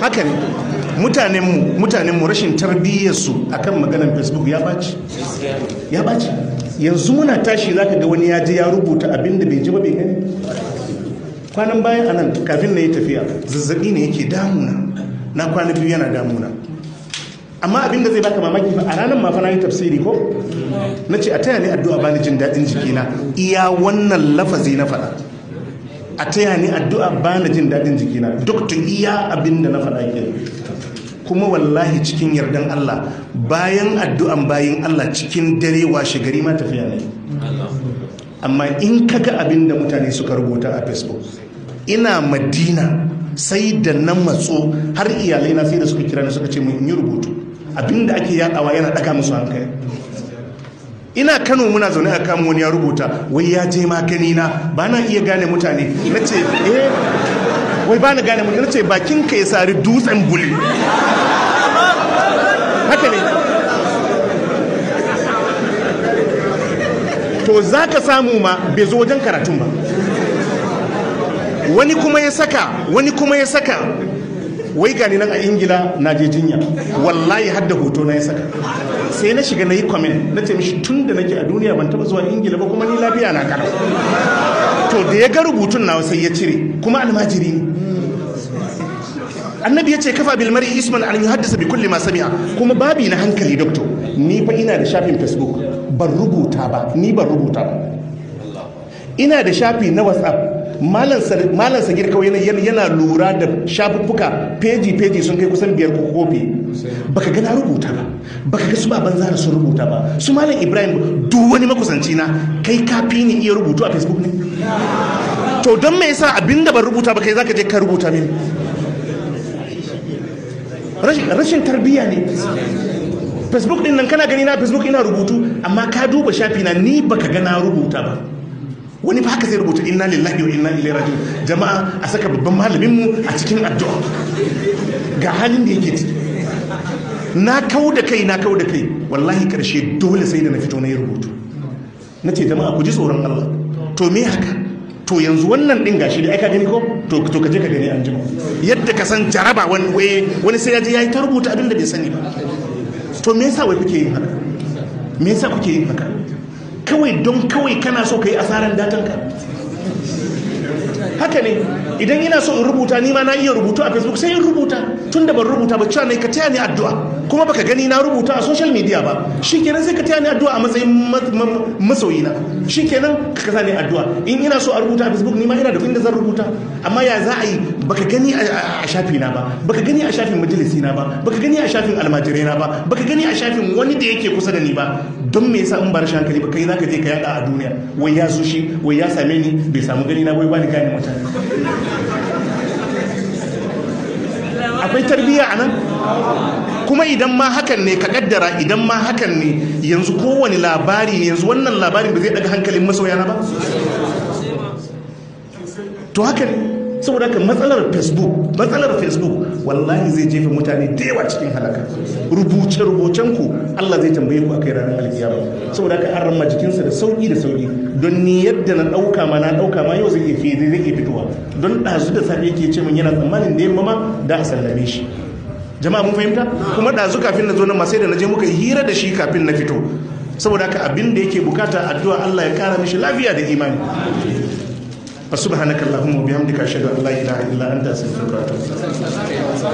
haka ne mutanenmu mutanenmu rashin tarbiyyarsu a kan maganar facebook ya baci ya baci yanzu muna tashi ka ga wani ya je ya rubuta abin da bai ji ba bai gani kwanan bayan anan kafin na yi tafiya zazzabi ne yake damuna na kwana biyu yana damuna amma abin da zai baka mamaki ba a ranar mafa na yi tafsiri ko na ce a taya ni addu'a bani jin daɗin jikina iya wannan lafazi na faɗa a taya ni addu'a ba na jin daɗin jikina duk iya abin da na faɗa ke kuma wallahi cikin yardan Allah bayan addu'an bayan Allah cikin dare washe gari ma tafiya ne amma in kaga abin da mutane suka rubuta a facebook ina madina sai da na matso har iyalai na sai da suka kira ni suka ce mun yi rubutu abin da ake yadawa yana ɗaga musu hankali ina kano muna zaune a kamun wani ya rubuta wai ya je magani na ba na iya gane mutane na ce eh wai ba na gane mutane na ce bakin ka ya sari dutsen buli haka ne to za ka samu ma bai zo wajen karatun ba wani kuma ya saka wani kuma ya saka wai gani nan a ingila na je jinya wallahi hadda hoto na ya saka sai na shiga na yi kwamin na ce mishi tun da nake a duniya ban taba zuwa ingila ba kuma ni lafiya na kana to da ya ga rubutun nawa sai ya cire kuma almajiri ne annabi ya ce kafa bil mar'i isman an yuhaddisa bi kulli ma sami'a kuma babi na hankali doctor ni fa ina da shafin facebook ban rubuta ba ni ban rubuta ba ina da shafi na whatsapp malam sagir kawai yana lura da shafuffuka peji-peji sun kai kusan biyar ko kofi baka gana rubuta ba baka ga su ba banza sun rubuta ba su malam ibrahim duk wani makusanci na kai kafi ne iya rubutu a facebook ne to don me yasa da ban rubuta ba kai zaka je ka rubuta mini rashin tarbiyya ne facebook din nan kana gani na facebook ina rubutu amma ka duba shafi na ni baka gana rubuta ba wani ba haka zai rubuta inna lillahi wa inna ilaihi raji'un jama'a a saka babban malamin mu a cikin addu'a ga halin da yake ciki na kawo da kai na kawo da kai wallahi karshe dole sai da na fito na yi rubutu na ce jama'a ku ji tsoron Allah to me haka to yanzu wannan din gashi da aika gani ko to to kaje ka gani an jima yadda ka san jaraba wani wani sai ya je yayi ta rubuta abin da bai sani ba to me yasa wai kuke yin haka me yasa kuke yin haka kawai don kawai kana so ka yi asarar datanka haka ne idan yana so in rubuta nima na iya rubutu a facebook sai in rubuta tun da ban rubuta ba cewa ne ka taya ni addu'a kuma baka gani na rubuta a social media ba shikenan sai ka taya ni addu'a a matsayin masoyina shikenan ka kasa ni addu'a in ina so a rubuta a facebook nima ina da inda zan rubuta amma ya za a yi baka gani a shafi na ba baka gani a shafin majalisi na ba baka gani a shafin almajirai na ba baka gani a shafin wani da yake kusa da ni ba don me yasa in ba rashin hankali ba kai zaka je ka yada a duniya wai ya zo shi wai ya same ni bai samu gani na wai bani gani mutane akwai tarbiyya a nan kuma idan ma hakan ne ka kaddara idan ma hakan ne yanzu kowane labari ne yanzu wannan labarin ba zai daga hankalin masoyana ba to haka ne saboda ka matsalar facebook matsalar facebook wallahi zai jefa mutane da yawa cikin halaka rubuce rubucen ku Allah zai tambaye ku akai ranar alkiyama saboda ka jikin jikinsa da sauki da sauki don ni yadda na dauka ma na dauka ma yau zai iya fiye zai iya fitowa don dazu da safe yake ce min yana tsammanin da yamma ma da a sallame shi jama'a mun fahimta kuma dazu kafin na zo nan ma sai da na je muka hira da shi kafin na fito saboda ka abin da yake bukata addu'a Allah ya kara mishi lafiya da imani subhanakallahumma wa bihamdika ashhadu an la ilaha illa anta astaghfiruka wa atubu